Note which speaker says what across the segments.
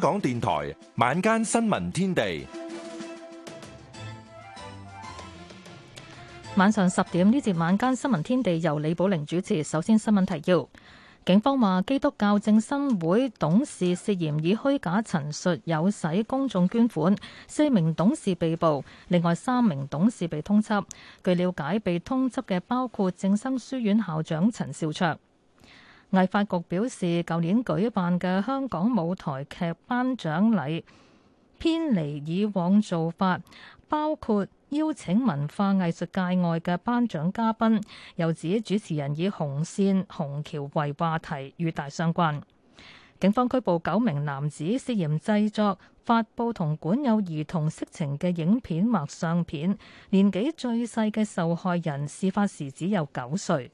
Speaker 1: 港電台晚間新聞天地，
Speaker 2: 晚上十點呢節晚間新聞天地由李寶玲主持。首先新聞提要：警方話基督教正生會董事涉嫌以虛假陳述誘使公眾捐款，四名董事被捕，另外三名董事被通緝。據了解，被通緝嘅包括正生書院校長陳兆卓。藝發局表示，舊年舉辦嘅香港舞台劇頒獎禮偏離以往做法，包括邀請文化藝術界外嘅頒獎嘉賓，又指主持人以紅線、紅橋為話題與大相關。警方拘捕九名男子，涉嫌製作、發布同管有兒童色情嘅影片或相片，年紀最細嘅受害人事發時只有九歲。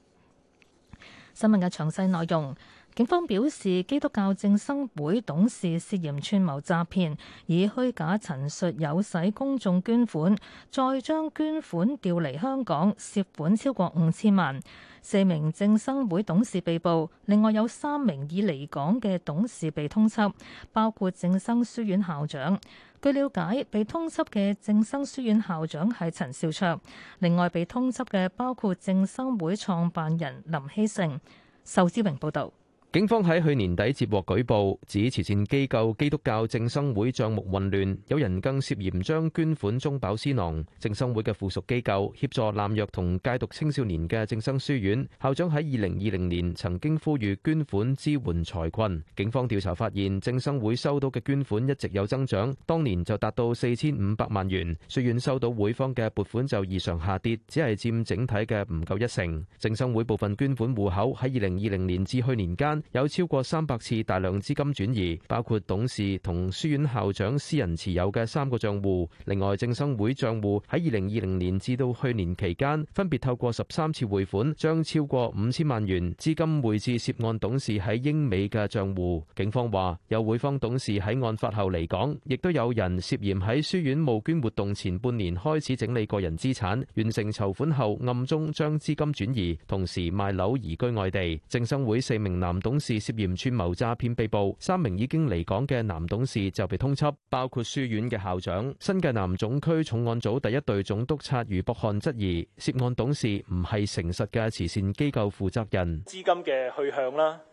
Speaker 2: 新聞嘅詳細內容。警方表示，基督教正生會董事涉嫌串謀詐騙，以虛假陳述誘使公眾捐款，再將捐款調離香港，涉款超過五千萬，四名正生會董事被捕，另外有三名已離港嘅董事被通緝，包括正生書院校長。據了解，被通緝嘅正生書院校長係陳兆焯，另外被通緝嘅包括正生會創辦人林希聖，仇志榮報道。
Speaker 3: 警方喺去年底接獲舉報，指慈善機構基督教正生會賬目混亂，有人更涉嫌將捐款中飽私囊。正生會嘅附屬機構協助濫藥同戒毒青少年嘅正生書院校長喺二零二零年曾經呼籲捐款支援財困。警方調查發現，正生會收到嘅捐款一直有增長，當年就達到四千五百萬元。書院收到會方嘅撥款就異常下跌，只係佔整體嘅唔夠一成。正生會部分捐款戶口喺二零二零年至去年間。有超過三百次大量資金轉移，包括董事同書院校長私人持有嘅三個帳戶。另外，正生會帳戶喺二零二零年至到去年期間，分別透過十三次匯款，將超過五千萬元資金匯至涉案董事喺英美嘅帳戶。警方話，有會方董事喺案發後嚟港，亦都有人涉嫌喺書院募捐活動前半年開始整理個人資產，完成籌款後暗中將資金轉移，同時賣樓移居外地。正生會四名男董事涉嫌串謀詐騙被捕，三名已經離港嘅男董事就被通緝，包括書院嘅校長，新界南總區重案組第一隊總督察余博漢質疑涉案董事唔係誠實嘅慈善機構負責人，資
Speaker 4: 金嘅去向啦。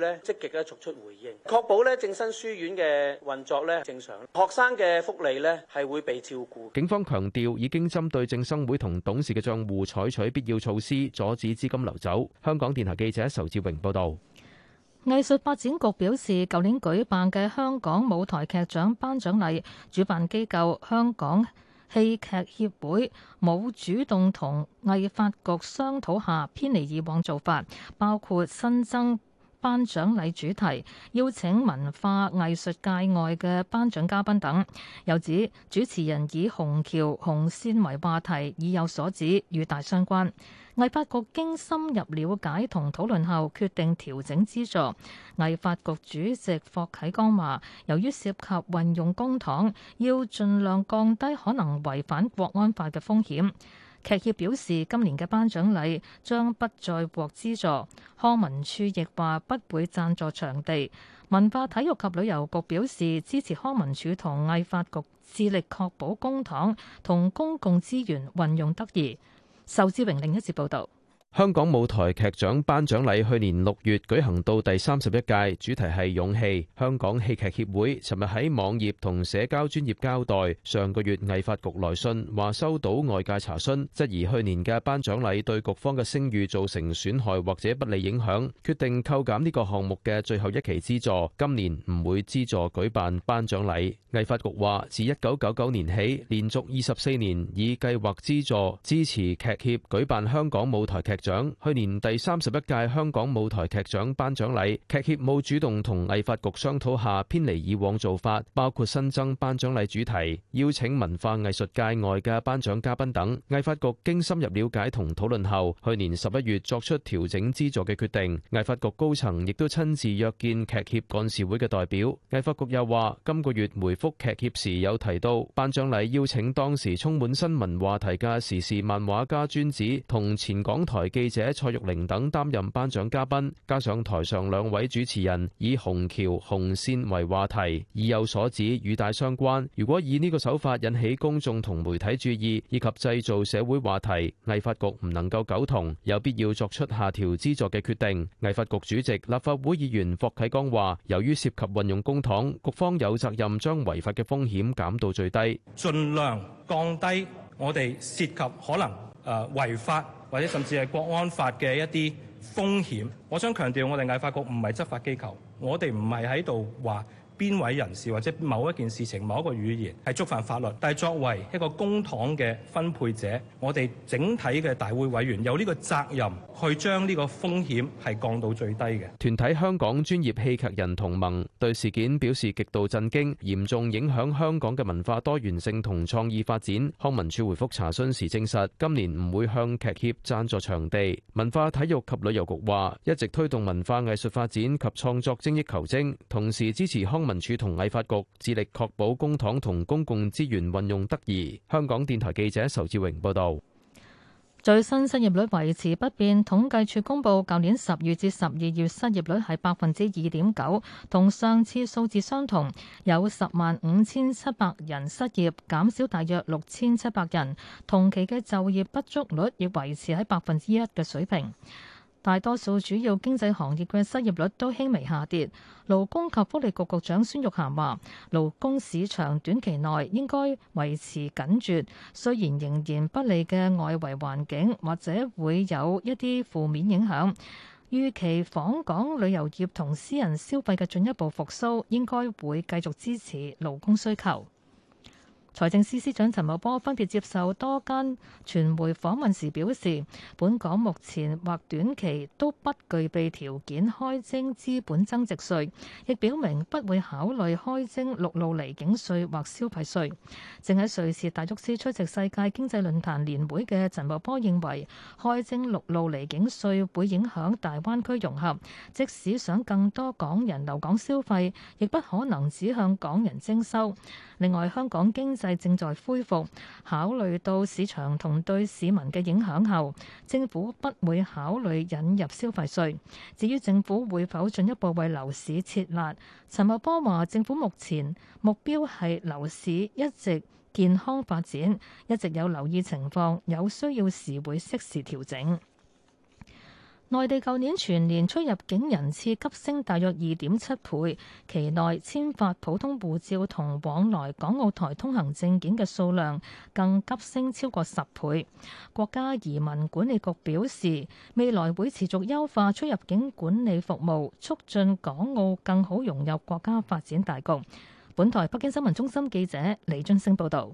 Speaker 5: 咧積極咧作出回應，確保咧正新書院嘅運作咧正常，學生嘅福利咧係
Speaker 2: 會被照
Speaker 3: 顧。警方強調已經針對正生會同董事嘅帳戶採取必要措施，阻止資金流走。香港電台記者仇志榮報導。
Speaker 2: 藝術發展局表示，舊年舉辦嘅香港舞台劇獎頒獎禮，主辦機構香港戲劇協會冇主動同藝發局商討下，偏離以往做法，包括新增。頒獎禮主題邀請文化藝術界外嘅頒獎嘉賓等，又指主持人以紅橋紅線為話題，已有所指，與大相關。藝發局經深入了解同討論後，決定調整資助。藝發局主席霍啟剛話，由於涉及運用公帑，要盡量降低可能違反國安法嘅風險。劇協表示今年嘅頒獎禮將不再獲資助，康文署亦話不會贊助場地。文化體育及旅遊局表示支持康文署同藝發局致力確保公帑同公共資源運用得宜。仇志榮另一節報導。
Speaker 3: 香港舞台劇獎頒獎禮去年六月舉行到第三十一屆，主題係勇氣。香港戲劇協會尋日喺網頁同社交專業交代，上個月藝發局來信話收到外界查詢，質疑去年嘅頒獎禮對局方嘅聲譽造成損害或者不利影響，決定扣減呢個項目嘅最後一期資助，今年唔會資助舉辦頒獎禮。藝發局話自一九九九年起，連續二十四年以計劃資助支持劇協舉辦香港舞台劇獎。去年第三十一屆香港舞台劇獎頒獎禮，劇協冇主動同藝發局商討下偏離以往做法，包括新增頒獎禮主題、邀請文化藝術界外嘅頒獎嘉賓等。藝發局經深入了解同討論後，去年十一月作出調整資助嘅決定。藝發局高層亦都親自約見劇協幹事會嘅代表。藝發局又話，今個月回覆劇協時有提到，頒獎禮邀請當時充滿新聞話題嘅時事漫畫家尊子同前港台。記者蔡玉玲等擔任頒獎嘉賓，加上台上兩位主持人以紅橋紅線為話題，意有所指，與大相關。如果以呢個手法引起公眾同媒體注意，以及製造社會話題，藝發局唔能夠苟同，有必要作出下調資助嘅決定。藝發局主席、立法會議員霍啟剛話，由於涉及運用公帑，局方有責任將違法嘅風險減到最低，
Speaker 6: 儘量降低我哋涉及可能誒違法，或者甚至係國安法嘅一啲風險，我想強調我哋憲法局唔係執法機構，我哋唔係喺度話邊位人士或者某一件事情、某一個語言係觸犯法律，但係作為一個公帑嘅分配者，我哋整體嘅大會委員有呢個責任去將呢個風險係降到最低嘅。
Speaker 3: 團體香港專業戲劇人同盟對事件表示極度震驚，嚴重影響香港嘅文化多元性同創意發展。康文署回覆查詢時證實，今年唔會向劇協贊助場地。文化體育及旅遊局話，一直推動文化藝術發展及創作精益求精，同時支持康文民署同藝發局致力確保公帑同公共資源運用得宜。香港電台記者仇志榮報道：
Speaker 2: 最新失業率維持不變。統計處公布，舊年十月至十二月失業率係百分之二點九，同上次數字相同，有十萬五千七百人失業，減少大約六千七百人。同期嘅就業不足率亦維持喺百分之一嘅水平。大多數主要經濟行業嘅失業率都輕微下跌。勞工及福利局局長孫玉菡話勞工市場短期內應該維持緊絕，雖然仍然不利嘅外圍環境或者會有一啲負面影響，預期訪港旅遊業同私人消費嘅進一步復甦應該會繼續支持勞工需求。財政司司長陳茂波分別接受多間傳媒訪問時表示，本港目前或短期都不具備條件開徵資本增值稅，亦表明不會考慮開徵陸路離境稅或消費稅。正喺瑞士達沃斯出席世界經濟論壇年會嘅陳茂波認為，開徵陸路離境稅會影響大灣區融合，即使想更多港人留港消費，亦不可能只向港人徵收。另外，香港經濟正在恢復，考慮到市場同對市民嘅影響後，政府不會考慮引入消費稅。至於政府會否進一步為樓市設立，陳茂波話：政府目前目標係樓市一直健康發展，一直有留意情況，有需要時會適時調整。內地舊年全年出入境人次急升，大約二點七倍。期內簽發普通護照同往來港澳台通行證件嘅數量更急升超過十倍。國家移民管理局表示，未來會持續優化出入境管理服務，促進港澳更好融入國家發展大局。本台北京新聞中心記者李俊升報道。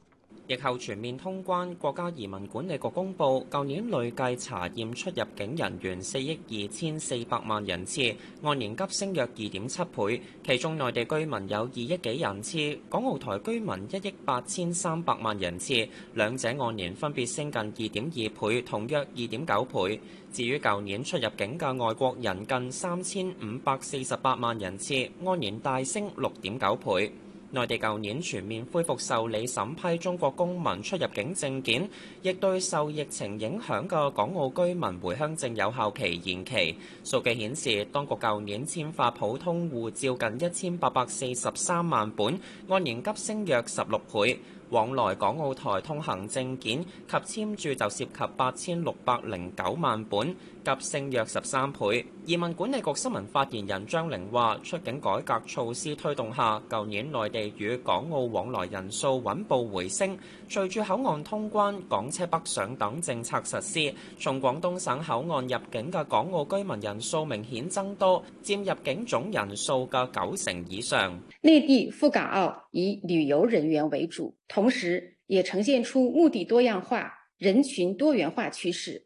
Speaker 5: 疫後全面通關，國家移民管理局公布，舊年累計查驗出入境人員四億二千四百萬人次，按年急升約二點七倍。其中內地居民有二億幾人次，港澳台居民一億八千三百萬人次，兩者按年分別升近二點二倍同約二點九倍。至於舊年出入境嘅外國人近三千五百四十八萬人次，按年大升六點九倍。內地舊年全面恢復受理審批中國公民出入境證件，亦對受疫情影響嘅港澳居民回鄉證有效期延期。數據顯示，當局舊年簽發普通護照近一千八百四十三萬本，按年急升約十六倍。往來港澳台通行證件及簽註就涉及八千六百零九萬本。急升約十三倍。移民管理局新聞發言人張玲話：出境改革措施推動下，舊年內地與港澳往來人數穩步回升。隨住口岸通關、港車北上等政策實施，從廣東省口岸入境嘅港澳居民人數明顯增多，佔入境總人數嘅九成以上。
Speaker 7: 內地赴港澳以旅遊人員為主，同時也呈現出目的多樣化、人群多元化趨勢。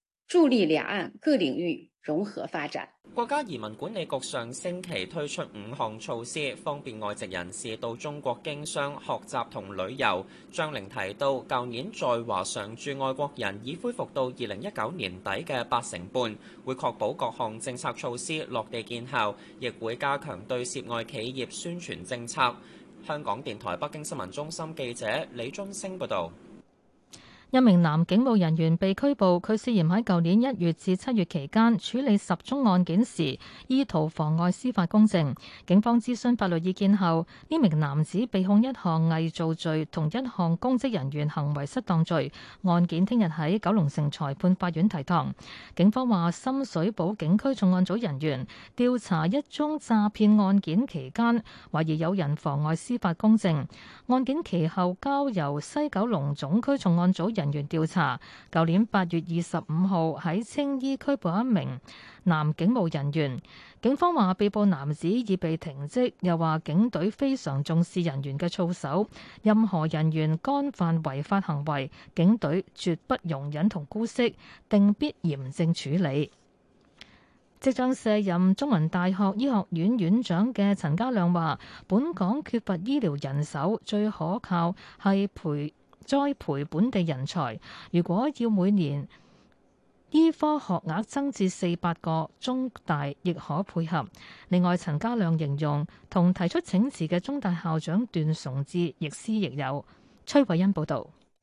Speaker 7: 助力兩岸各領域融合發展。
Speaker 5: 國家移民管理局上星期推出五項措施，方便外籍人士到中國經商、學習同旅遊。張玲提到，舊年在華常駐外國人已恢復到二零一九年底嘅八成半，會確保各項政策措施落地見效，亦會加強對涉外企業宣傳政策。香港電台北京新聞中心記者李津星報道。
Speaker 2: 一名男警務人員被拘捕，佢涉嫌喺舊年一月至七月期間處理十宗案件時，意圖妨礙司法公正。警方諮詢法律意見後，呢名男子被控一項偽造罪同一項公職人員行為失當罪。案件聽日喺九龍城裁判法院提堂。警方話，深水埗警區重案組人員調查一宗詐騙案件期間，懷疑有人妨礙司法公正。案件其後交由西九龍總區重案組人。人員調查，舊年八月二十五號喺青衣區拘捕一名男警務人員，警方話被捕男子已被停職，又話警隊非常重視人員嘅操守，任何人員干犯違法行為，警隊絕不容忍同姑息，定必嚴正處理。即將卸任中文大學醫學院院長嘅陳家亮話，本港缺乏醫療人手，最可靠係培栽培本地人才，如果要每年醫科學額增至四百個，中大亦可配合。另外，陳家亮形容同提出請辭嘅中大校長段崇智亦師亦友。崔慧欣報導。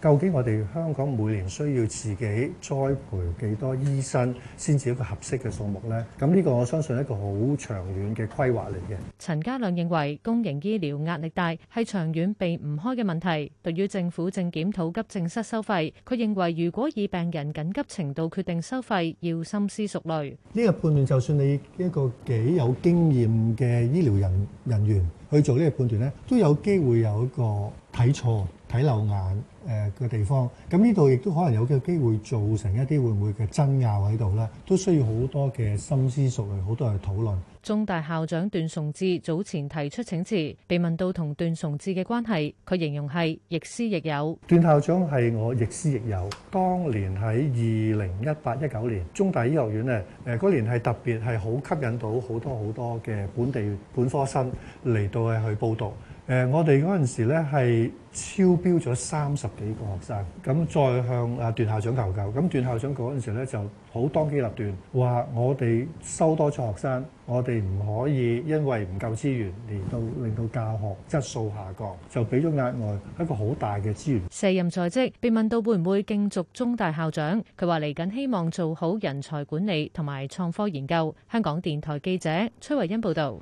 Speaker 1: 究竟我哋香港每年需要自己栽培幾多醫生，先至一個合適嘅數目咧？咁呢個我相信一個好長遠嘅規劃嚟嘅。
Speaker 8: 陳家亮認為公營醫療壓力大係長遠避唔開嘅問題。對於政府正檢討急症室收費，佢認為如果以病人緊急程度決定收費，要深思熟慮。
Speaker 1: 呢個判斷，就算你一個幾有經驗嘅醫療人人員去做呢個判斷咧，都有機會有一個睇錯、睇漏眼。誒嘅地方，咁呢度亦都可能有嘅機會造成一啲會唔會嘅爭拗喺度咧，都需要好多嘅深思熟慮，好多嘅討論。
Speaker 8: 中大校長段崇智早前提出請辭，被問到同段崇智嘅關係，佢形容係亦師亦友。
Speaker 1: 段校長係我亦師亦友。當年喺二零一八一九年，中大醫學院咧，誒嗰年係特別係好吸引到好多好多嘅本地本科生嚟到係去報讀。誒，我哋嗰陣時咧係超標咗三十幾個學生，咁再向啊段校長求救。咁段校長講嗰陣時咧就好當機立斷，話我哋收多咗學生，我哋唔可以因為唔夠資源嚟到令到教學質素下降，就俾咗額外一個好大嘅資源。
Speaker 8: 卸任在職，被問到會唔會競逐中大校長，佢話嚟緊希望做好人才管理同埋創科研究。香港電台記者
Speaker 2: 崔維恩報道。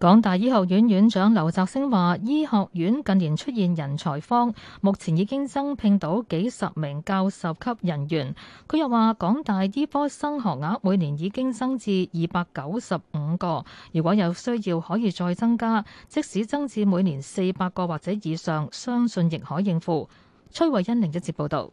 Speaker 2: 港大醫學院院長劉澤星話，醫學院近年出現人才荒，目前已經增聘到幾十名教授級人員。佢又話，港大醫科生學額每年已經增至二百九十五個，如果有需要可以再增加，即使增至每年四百個或者以上，相信亦可應付。崔慧欣另一節報道。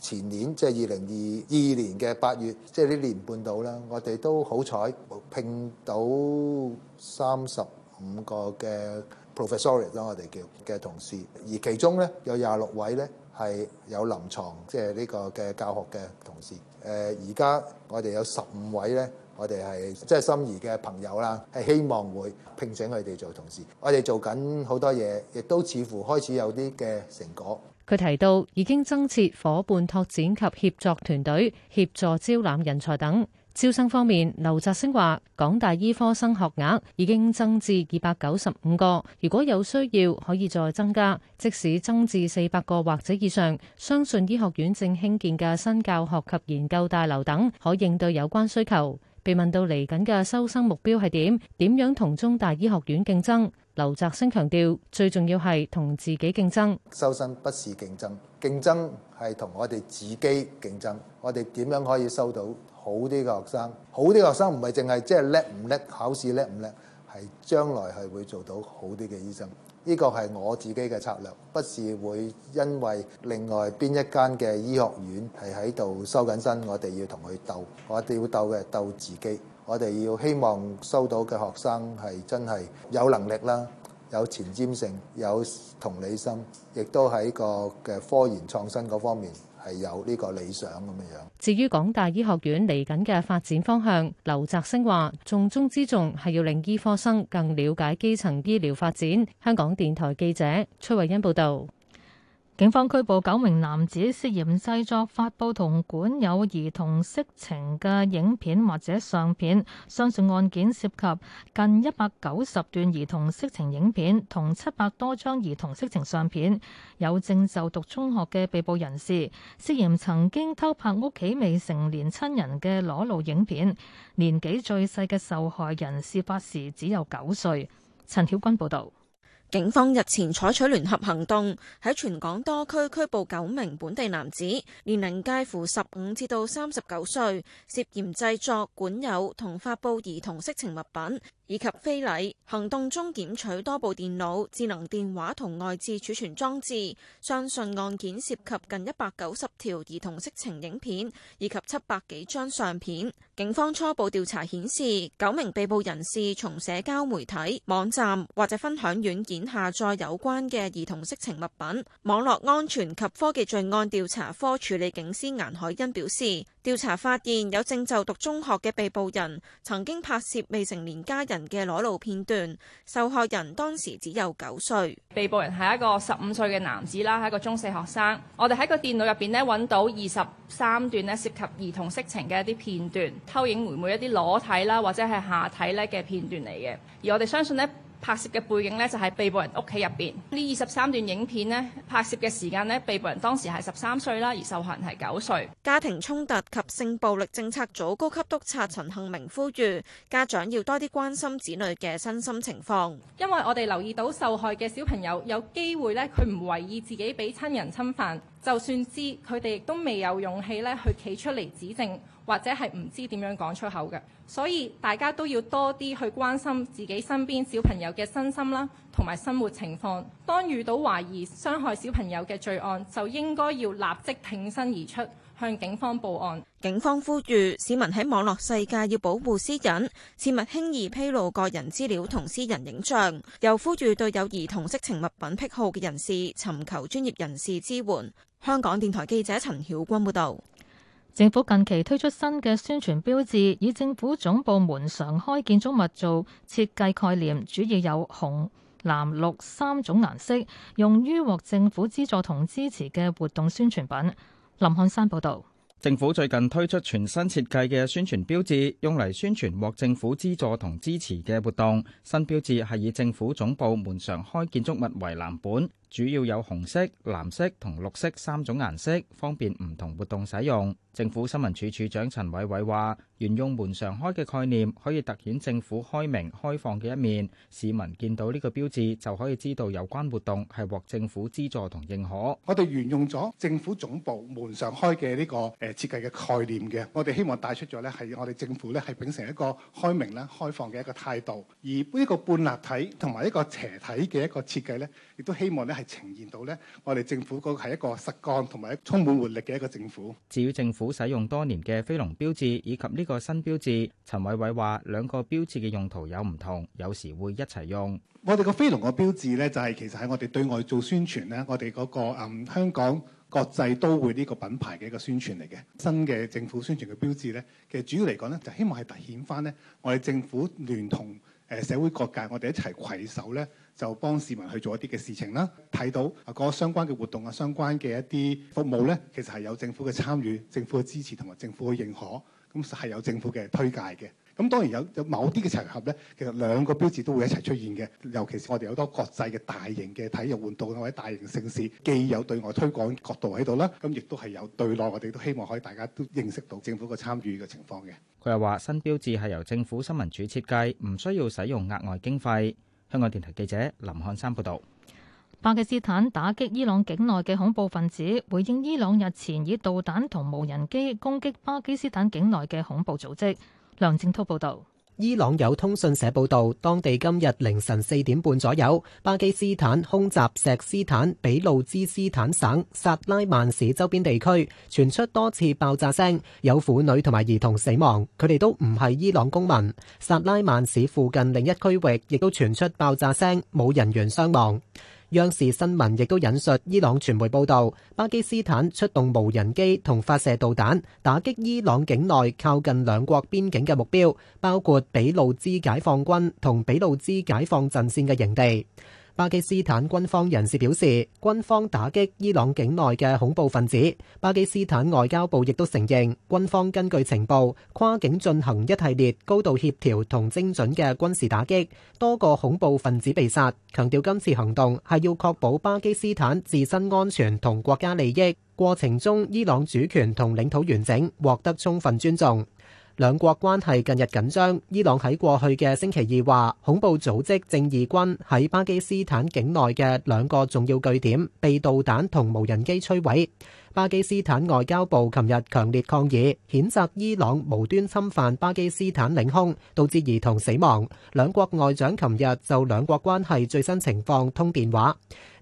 Speaker 4: 前年即係二零二二年嘅八月，即係呢年半度啦，我哋都好彩聘到三十五個嘅 professor 咧，我哋叫嘅同事，而其中咧有廿六位咧係有臨床，即係呢個嘅教學嘅同事。誒、呃，而家我哋有十五位咧，我哋係即係心儀嘅朋友啦，係希望會聘請佢哋做同事。我哋做緊好多嘢，亦都似乎開始有啲嘅成果。
Speaker 8: 佢提到已經增設夥伴拓展及協作團隊協助招攬人才等。招生方面，劉澤星話：港大醫科生學額已經增至二百九十五個，如果有需要可以再增加，即使增至四百個或者以上，相信醫學院正興建嘅新教學及研究大樓等可應對有關需求。被問到嚟緊嘅收生目標係點，點樣同中大醫學院競爭？劉澤星強調，最重要係同自己競爭。收生
Speaker 4: 不是競爭，競爭係同我哋自己競爭。我哋點樣可以收到好啲嘅學生？好啲學生唔係淨係即係叻唔叻，考試叻唔叻，係將來係會做到好啲嘅醫生。呢個係我自己嘅策略，不是會因為另外邊一間嘅醫學院係喺度收緊生，我哋要同佢鬥。我哋要鬥嘅，鬥自己。我哋要希望收到嘅學生係真係有能力啦，有前瞻性，有同理心，亦都喺個嘅科研創新嗰方面係有呢個理想咁樣樣。
Speaker 8: 至於港大醫學院嚟緊嘅發展方向，劉澤星話重中之重係要令醫科生更
Speaker 2: 了解基層醫療發展。香港電台記者崔慧欣報道。警方拘捕九名男子涉嫌製作、發布同管有兒童色情嘅影片或者相片，相信案件涉及近一百九十段兒童色情影片同七百多張兒童色情相片。有正就讀中學嘅被捕人士，涉嫌曾經偷拍屋企未成年親人嘅裸露影片，年紀最細嘅受害人事發時只有九歲。
Speaker 7: 陳曉君報道。警方日前採取聯合行動，喺全港多區拘捕九名本地男子，年齡介乎十五至到三十九歲，涉嫌製作、管有同發布兒童色情物品。以及非禮，行動中檢取多部電腦、智能電話同外置儲存裝置，相信案件涉及近一百九十條兒童色情影片，以及七百幾張相片。警方初步調查顯示，九名被捕人士從社交媒體、網站或者分享軟件下載有關嘅兒童色情物品。網絡安全及科技罪案調查科處理警司顏海欣表示。調查發現，有正就讀中學嘅被捕人曾經拍攝未成年家人嘅裸露片段，受害人當時只有九歲。被捕人係一個十五歲嘅男子啦，係一個中四學生。我哋喺個電腦入邊呢，搵到二十三段咧涉及兒童色情嘅一啲片段，偷影妹妹一啲裸體啦或者係下體咧嘅片段嚟嘅。而我哋相信呢。拍攝嘅背景呢，就係被捕人屋企入邊，呢二十三段影片呢，拍攝嘅時間呢，被捕人當時係十三歲啦，而受害人係九歲。家庭衝突及性暴力政策組高級督察陳幸明呼籲家長要多啲關心子女嘅身心情況，
Speaker 8: 因為我哋留意到受害嘅小朋友有機會呢，佢唔為意自己俾親人侵犯，就算知，佢哋亦都未有勇氣呢，去企出嚟指證。或者係唔知點樣講出口嘅，所以大家都要多啲去關心自己身邊小朋友嘅身心啦，同埋生活情況。當遇到懷疑傷害小朋友嘅罪案，就應該要立即挺身而出，向警方報案。
Speaker 7: 警方呼籲市民喺網絡世界要保護私隱，切勿輕易披露個人資料同私人影像。又呼籲對有兒童色情物品癖好嘅人士，尋求專業人士支援。香港電台記者陳曉君報道。
Speaker 2: 政府近期推出新嘅宣傳標誌，以政府總部門常開建築物做設計概念，主要有紅藍綠三種顏色，用於獲政府資助同支持嘅活動宣傳品。林漢山報道。
Speaker 9: 政府最近推出全新設計嘅宣傳標誌，用嚟宣傳獲政府資助同支持嘅活動，新標誌係以政府總部門常開建築物為藍本。主要有紅色、藍色同綠色三種顏色，方便唔同活動使用。政府新聞處處長陳偉偉話，沿用門常開嘅概念，可以突顯政府開明開放嘅一面。市民見到呢個標誌，就可以知道有關活動係獲政府資助同認可。
Speaker 10: 我哋沿用咗政府總部門常開嘅呢個誒設計嘅概念嘅，我哋希望帶出咗呢係我哋政府呢係秉承一個開明啦、開放嘅一個態度。而呢個半立體同埋一個斜體嘅一個設計呢。亦都希望咧係呈現到咧，我哋政府嗰個係一個實幹同埋充滿活力嘅一個政府。
Speaker 9: 至於政府使用多年嘅飛龍標誌以及呢個新標誌，陳偉偉話兩個標誌嘅用途有唔同，有時會一齊用。
Speaker 10: 我哋個飛龍個標誌咧，就係其實喺我哋對外做宣傳咧，我哋嗰、嗰個、嗯、香港國際都會呢個品牌嘅一個宣傳嚟嘅。新嘅政府宣傳嘅標誌咧，其實主要嚟講咧，就希望係凸顯翻咧，我哋政府聯同誒社會各界，我哋一齊攜手咧。就幫市民去做一啲嘅事情啦，睇到嗰個相關嘅活動啊、相關嘅一啲服務呢，其實係有政府嘅參與、政府嘅支持同埋政府嘅認可，咁係有政府嘅推介嘅。咁當然有有某啲嘅場合呢，其實兩個標誌都會一齊出現嘅。尤其是我哋有好多國際嘅大型嘅體育活動或者大型城市，既有對外推廣角度喺度啦，咁亦都係有對內，我哋都希望可以大家都認識到政府嘅參與嘅
Speaker 9: 情況嘅。佢又話：新標誌係由政府新聞處設計，唔需要使用額外經費。香港電台記者林漢山報道：
Speaker 2: 巴基斯坦打擊伊朗境內嘅恐怖分子，回應伊朗日前以導彈同無人機攻擊巴基斯坦境內嘅恐怖組織。梁正濤報道。
Speaker 11: 伊朗有通訊社報道，當地今日凌晨四點半左右，巴基斯坦空襲錫斯坦俾路支斯坦省薩拉曼市周邊地區，傳出多次爆炸聲，有婦女同埋兒童死亡，佢哋都唔係伊朗公民。薩拉曼市附近另一區域亦都傳出爆炸聲，冇人員傷亡。央視新聞亦都引述伊朗傳媒報導，巴基斯坦出動無人機同發射導彈，打擊伊朗境內靠近兩國邊境嘅目標，包括俾路支解放軍同俾路支解放陣線嘅營地。巴基斯坦軍方人士表示，軍方打擊伊朗境內嘅恐怖分子。巴基斯坦外交部亦都承認，軍方根據情報跨境進行一系列高度協調同精準嘅軍事打擊，多個恐怖分子被殺。強調今次行動係要確保巴基斯坦自身安全同國家利益。過程中，伊朗主權同領土完整獲得充分尊重。兩國關係近日緊張。伊朗喺過去嘅星期二話，恐怖組織正義軍喺巴基斯坦境內嘅兩個重要據點被導彈同無人機摧毀。巴基斯坦外交部琴日強烈抗議，譴責伊朗無端侵犯巴基斯坦領空，導致兒童死亡。兩國外長琴日就兩國關係最新情況通電話。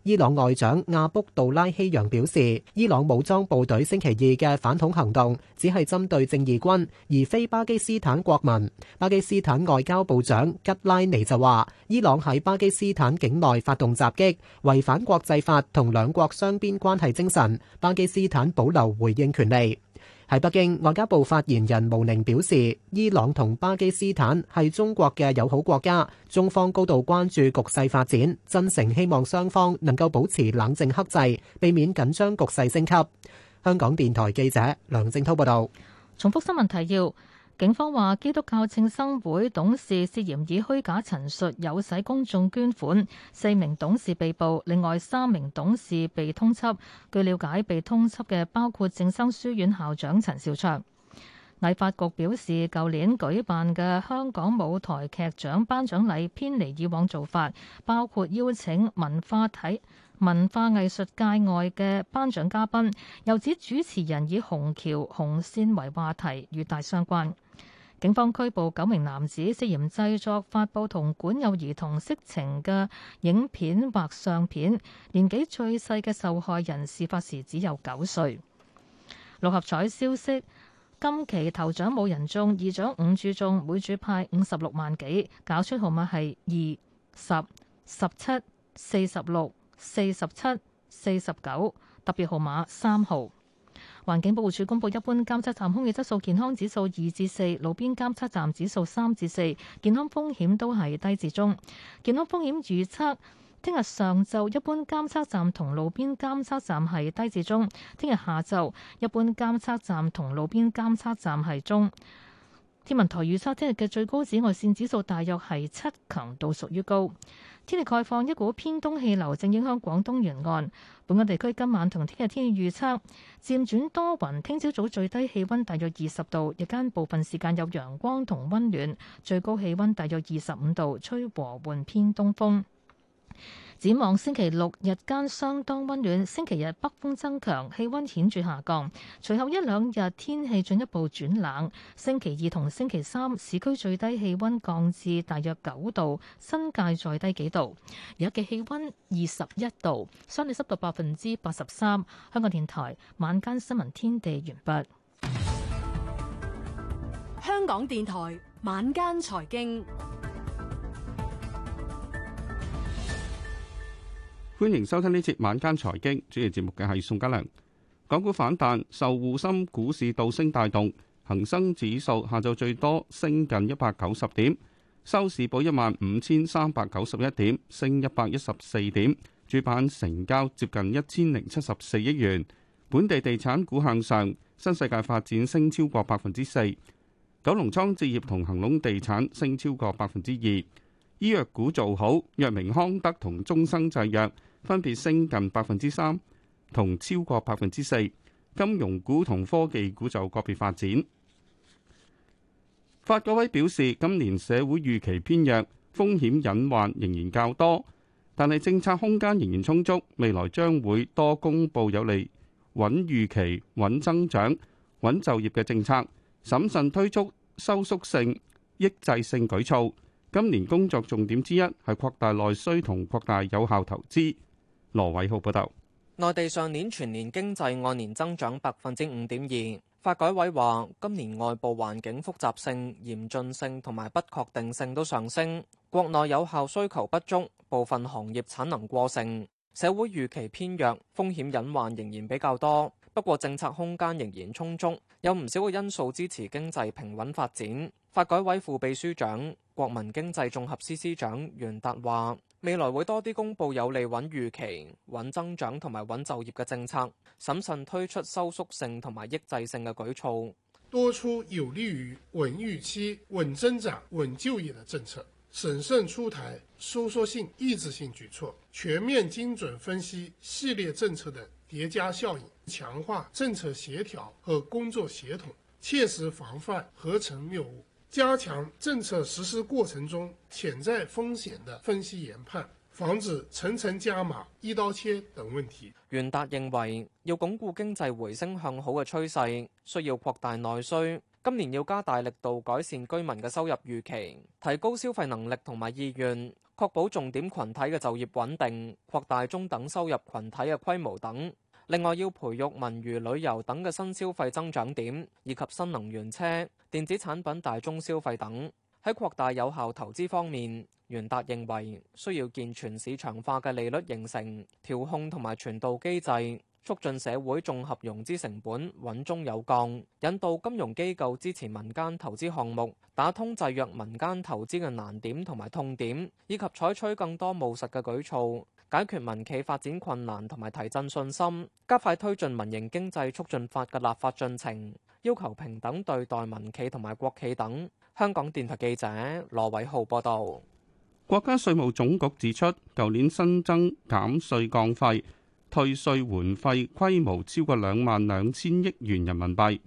Speaker 11: 伊朗外長亞卜杜拉希揚表示，伊朗武裝部隊星期二嘅反恐行動只係針對正義軍，而非巴基斯坦國民。巴基斯坦外交部長吉拉尼就話，伊朗喺巴基斯坦境內發動襲擊，違反國際法同兩國雙邊關係精神，巴基斯坦保留回應權利。喺北京，外交部發言人毛寧表示，伊朗同巴基斯坦係中國嘅友好國家，中方高度關注局勢發展，真誠希望雙方能夠保持冷靜克制，避免緊
Speaker 2: 張局勢升級。香港電台記者梁正濤報道。重複新聞提要。警方話基督教正生會董事涉嫌以虛假陳述誘使公眾捐款，四名董事被捕，另外三名董事被通緝。據了解，被通緝嘅包括正生書院校長陳兆卓。藝發局表示，舊年舉辦嘅香港舞台劇獎頒獎禮偏離以往做法，包括邀請文化體。文化藝術界外嘅頒獎嘉賓又指主持人以紅橋紅線為話題與大相關。警方拘捕九名男子，涉嫌製作、發布同管有兒童色情嘅影片或相片。年紀最細嘅受害人事發時只有九歲。六合彩消息，今期頭獎冇人中，二獎五注中，每注派五十六萬幾。攪出號碼係二、十、十七、四十六、四十七、四十九，特別號碼三號。環境保護署公布，一般監測站空氣質素健康指數二至四，路邊監測站指數三至四，健康風險都係低至中。健康風險預測，聽日上晝一般監測站同路邊監測站係低至中，聽日下晝一般監測站同路邊監測站係中。天文台預測聽日嘅最高紫外線指數大約係七強度，屬於高。天氣概況，一股偏東氣流正影響廣東沿岸，本港地區今晚同聽日預測轉天氣預測漸轉多雲，聽朝早最低氣温大約二十度，日間部分時間有陽光同温暖，最高氣温大約二十五度，吹和緩偏東風。展望星期六日間相當溫暖，星期日北風增強，氣溫顯著下降。隨後一兩日天氣進一步轉冷，星期二同星期三市區最低氣溫降至大約九度，新界再低幾度。而家嘅氣溫二十一度，相對濕度百分之八十三。香港電台晚間新聞天地完畢。
Speaker 8: 香港電台晚間財經。
Speaker 6: 歡迎收聽呢節晚間財經，主持節目嘅係宋家良。港股反彈，受滬深股市倒升帶動，恒生指數下晝最多升近一百九十點，收市報一萬五千三百九十一點，升一百一十四點，主板成交接近一千零七十四億元。本地地產股向上，新世界發展升超過百分之四，九龍倉置業同恒隆地產升超過百分之二。醫藥股做好，藥明康德同眾生製藥分別升近百分之三，同超過百分之四。金融股同科技股就個別發展。發改委表示，今年社會預期偏弱，風險隱患仍然較多，但係政策空間仍然充足，未來將會多公布有利穩預期、穩增長、穩就業嘅政策，審慎推出收縮性、抑制性舉措。今年工作重點之一係擴大內需同擴大有效投資。羅偉浩報道，
Speaker 12: 內地上年全年經濟按年增長百分之五點二。發改委話，今年外部環境複雜性、嚴峻性同埋不確定性都上升，國內有效需求不足，部分行業產能過剩，社會預期偏弱，風險隱患仍然比較多。不過政策空間仍然充足，有唔少嘅因素支持經濟平穩發展。發改委副秘書長，國民經濟綜合司司長袁達話：未來會多啲公布有利穩預期、穩增長同埋穩就業嘅政策，審慎推出收縮性同埋抑制性嘅舉措，
Speaker 10: 多出有利於穩預期、穩增長、穩就業嘅政策，審慎出台收縮性、抑制性舉措，全面精準分析系列政策嘅疊加效應，強化政策協調和工作協同，切實防範合成謬誤。加強政策實施過程中潛在風險的分析研判，防止層層加碼、一刀切
Speaker 12: 等問題。袁達認為，要鞏固經濟回升向好嘅趨勢，需要擴大內需。今年要加大力度改善居民嘅收入預期，提高消費能力同埋意願，確保重點群體嘅就業穩定，擴大中等收入群體嘅規模等。另外，要培育文娛、旅遊等嘅新消費增長點，以及新能源車、電子產品、大宗消費等。喺擴大有效投資方面，袁達認為需要健全市場化嘅利率形成、調控同埋傳導機制，促進社會綜合融資成本穩中有降，引導金融機構支持民間投資項目，打通制約民間投資嘅難點同埋痛點，以及採取更多務實嘅舉措。解決民企發展困難同埋提振信心，加快推進《民營經濟促進法》嘅立法進程，要求平等對待民企同埋國企等。香港電台記者羅偉浩報道。
Speaker 6: 國家稅務總局指出，舊年新增減稅降費、退稅緩費規模超過兩萬兩千億元人民幣，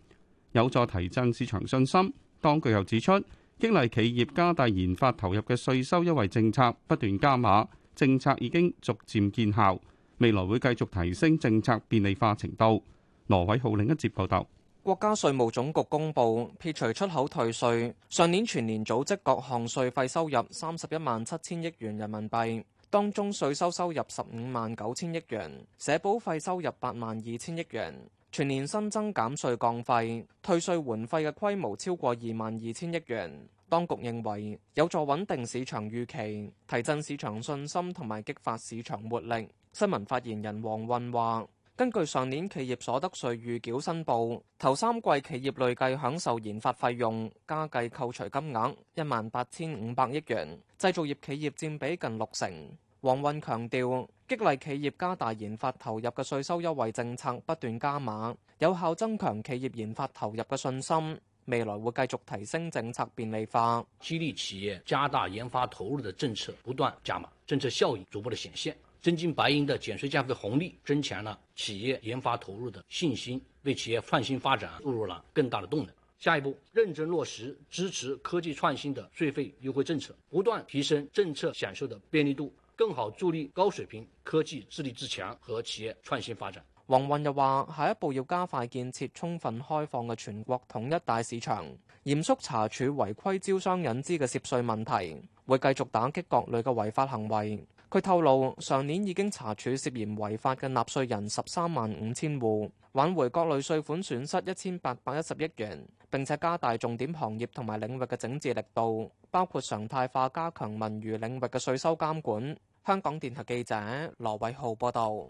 Speaker 6: 有助提振市場信心。當局又指出，激勵企業加大研發投入嘅稅收優惠政策不斷加碼。政策已經逐漸見效，未來會繼續提升政策便利化程度。羅偉浩另一節報道，
Speaker 12: 國家稅務總局公布撇除出口退稅，上年全年組織各項稅費收入三十一萬七千億元人民幣，當中稅收收入十五萬九千億元，社保費收入八萬二千億元，全年新增減稅降費、退稅緩費嘅規模超過二萬二千億元。當局認為有助穩定市場預期、提振市場信心同埋激發市場活力。新聞發言人黃運話：根據上年企業所得稅預繳申報，頭三季企業累計享受研發費用加計扣除金額一萬八千五百億元，製造業企業佔比近六成。黃運強調，激勵企業加大研發投入嘅稅收優惠政策不斷加碼，有效增強企業研發投入嘅信心。未來會繼續提升政策便利化，激勵企業加大研發投入的政策不斷加碼，政策效應逐步的顯現。真金白銀的減稅降費紅利增強了企業研發投入的信心，為企業創新發展注入了更大的動能。下一步，認真落實支持科技創新的稅費優惠政策，不斷提升政策享受的便利度，更好助力高水平科技自立自強和企業創新發展。王云又話：下一步要加快建設充分開放嘅全國統一大市場，嚴肅查處違規招商引資嘅涉稅問題，會繼續打擊各類嘅違法行為。佢透露，上年已經查處涉嫌違法嘅納稅人十三萬五千戶，挽回各類稅款損失一千八百一十億元，並且加大重點行業同埋領域嘅整治力度，包括常態化加強文娛領域嘅稅收監管。香港電台記者羅偉浩報道。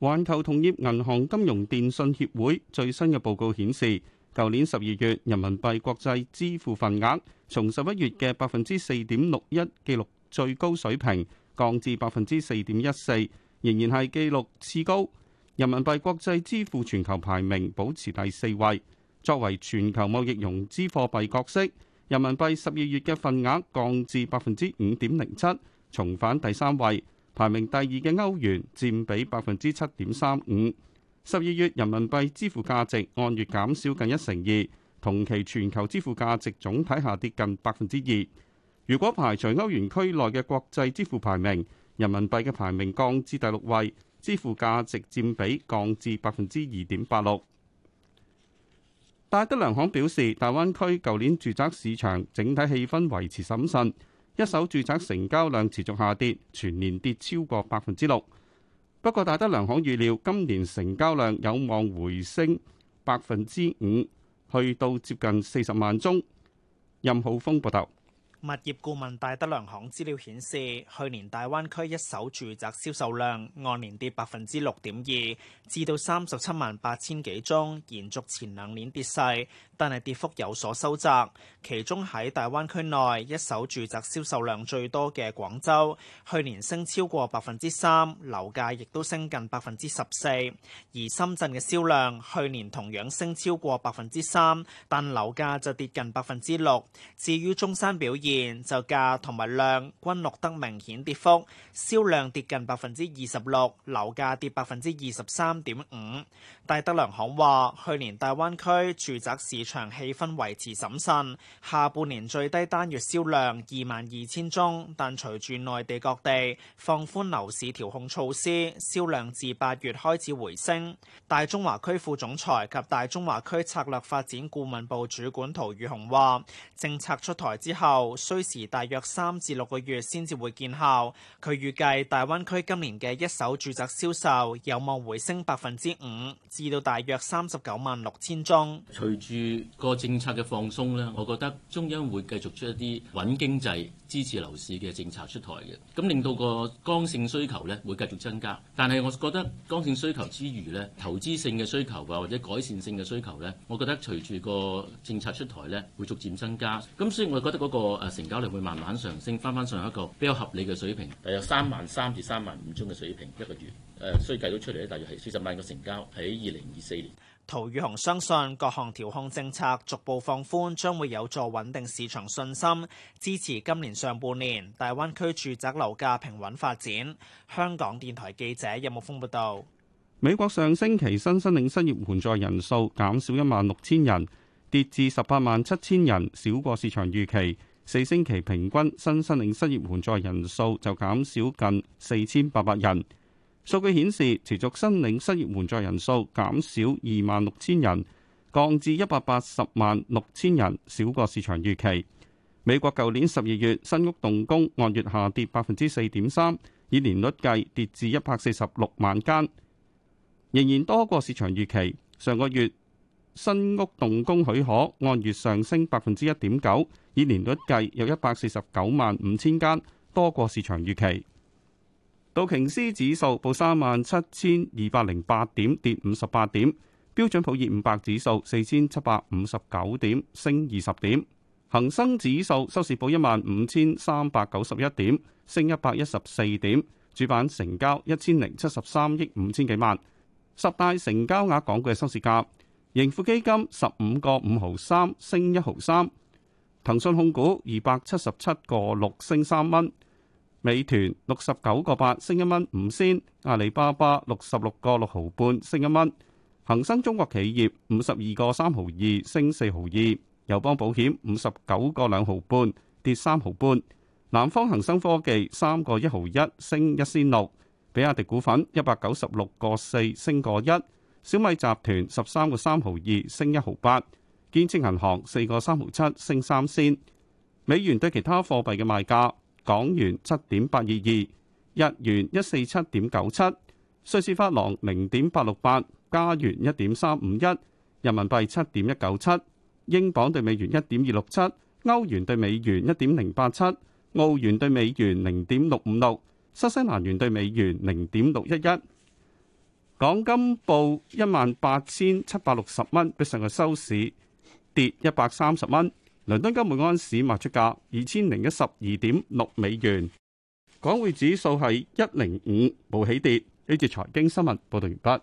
Speaker 6: 環球同業銀行金融電信協會最新嘅報告顯示，舊年十二月人民幣國際支付份額從十一月嘅百分之四點六一記錄最高水平，降至百分之四點一四，仍然係記錄次高。人民幣國際支付全球排名保持第四位，作為全球貿易融資貨幣角色，人民幣十二月嘅份額降至百分之五點零七，重返第三位。排名第二嘅歐元佔比百分之七點三五。十二月人民幣支付價值按月減少近一成二，同期全球支付價值總體下跌近百分之二。如果排除歐元區內嘅國際支付排名，人民幣嘅排名降至第六位，支付價值佔比降至百分之二點八六。戴德梁行表示，大灣區舊年住宅市場整體氣氛維持審慎。一手住宅成交量持續下跌，全年跌超過百分之六。不過，戴德梁行預料今年成交量有望回升百分之五，去到接近四十萬宗。任浩峰報道。
Speaker 13: 物業顧問戴德梁行資料顯示，去年大灣區一手住宅銷售量按年跌百分之六點二，至到三十七萬八千幾宗，延續前兩年跌勢。但係跌幅有所收窄，其中喺大灣區內一手住宅銷售量最多嘅廣州，去年升超過百分之三，樓價亦都升近百分之十四。而深圳嘅銷量去年同樣升超過百分之三，但樓價就跌近百分之六。至於中山表現，就價同埋量均錄得明顯跌幅，銷量跌近百分之二十六，樓價跌百分之二十三點五。戴德梁行話，去年大灣區住宅市場氣氛維持審慎，下半年最低單月銷量二萬二千宗。但隨住內地各地放寬樓市調控措施，銷量自八月開始回升。大中華區副總裁及大中華區策略發展顧問部主管陶宇雄話：政策出台之後，需時大約三至六個月先至會見效。佢預計大灣區今年嘅一手住宅銷售有望回升百分之五。至到大約三十九萬六千宗。
Speaker 12: 隨住個政策嘅放鬆咧，我覺得中央會繼續出一啲穩經濟支持樓市嘅政策出台嘅，咁令到個剛性需求咧，會繼續增加。但係我覺得剛性需求之餘咧，投資性嘅需求啊，或者改善性嘅需求咧，我覺得隨住個政策出台咧，會逐漸增加。咁所以我覺得嗰個誒成交量會慢慢上升，翻翻上一個比較合理嘅水平，大約三萬三至三萬五宗嘅水平一個月。誒、呃，所以計到出嚟大約係四十萬個成
Speaker 6: 交喺二零二四年。
Speaker 13: 陶宇雄相信，各項調控政策逐步放寬，將會有助穩定市場信心，支持今年上半年大灣區住宅樓價平穩發展。香港電台記者任木峯報道，
Speaker 6: 美國上星期新申領失業援助人數減少一萬六千人，跌至十八萬七千人，少過市場預期。四星期平均新申領失業援助人數就減少近四千八百人。數據顯示，持續申領失業援助人數減少二萬六千人，降至一百八十萬六千人，少過市場預期。美國舊年十二月新屋動工按月下跌百分之四點三，以年率計跌至一百四十六萬間，仍然多過市場預期。上個月新屋動工許可按月上升百分之一點九，以年率計有一百四十九萬五千間，多過市場預期。道瓊斯指數報三萬七千二百零八點，跌五十八點。標準普爾五百指數四千七百五十九點，升二十點。恒生指數收市報一萬五千三百九十一點，升一百一十四點。主板成交一千零七十三億五千幾萬。十大成交額港股嘅收市價，盈富基金十五個五毫三，升一毫三。騰訊控股二百七十七個六，升三蚊。美團六十九個八升一蚊五仙，阿里巴巴六十六個六毫半升一蚊，恒生中國企業五十二個三毫二升四毫二，友邦保險五十九個兩毫半跌三毫半，南方恒生科技三個一毫一升一仙六，比亞迪股份一百九十六個四升個一，小米集團十三個三毫二升一毫八，建設銀行四個三毫七升三仙，美元對其他貨幣嘅賣價。港元七點八二二，日元一四七點九七，瑞士法郎零點八六八，加元一點三五一，人民幣七點一九七，英鎊兌美元一點二六七，歐元兌美元一點零八七，澳元兌美元零點六五六，新西蘭元兌美元零點六一一。港金報一萬八千七百六十蚊，比上日收市跌一百三十蚊。倫敦金每安士賣出價二千零一十二點六美元，港匯指數係一零五，冇起跌。呢節財經新聞報道完畢。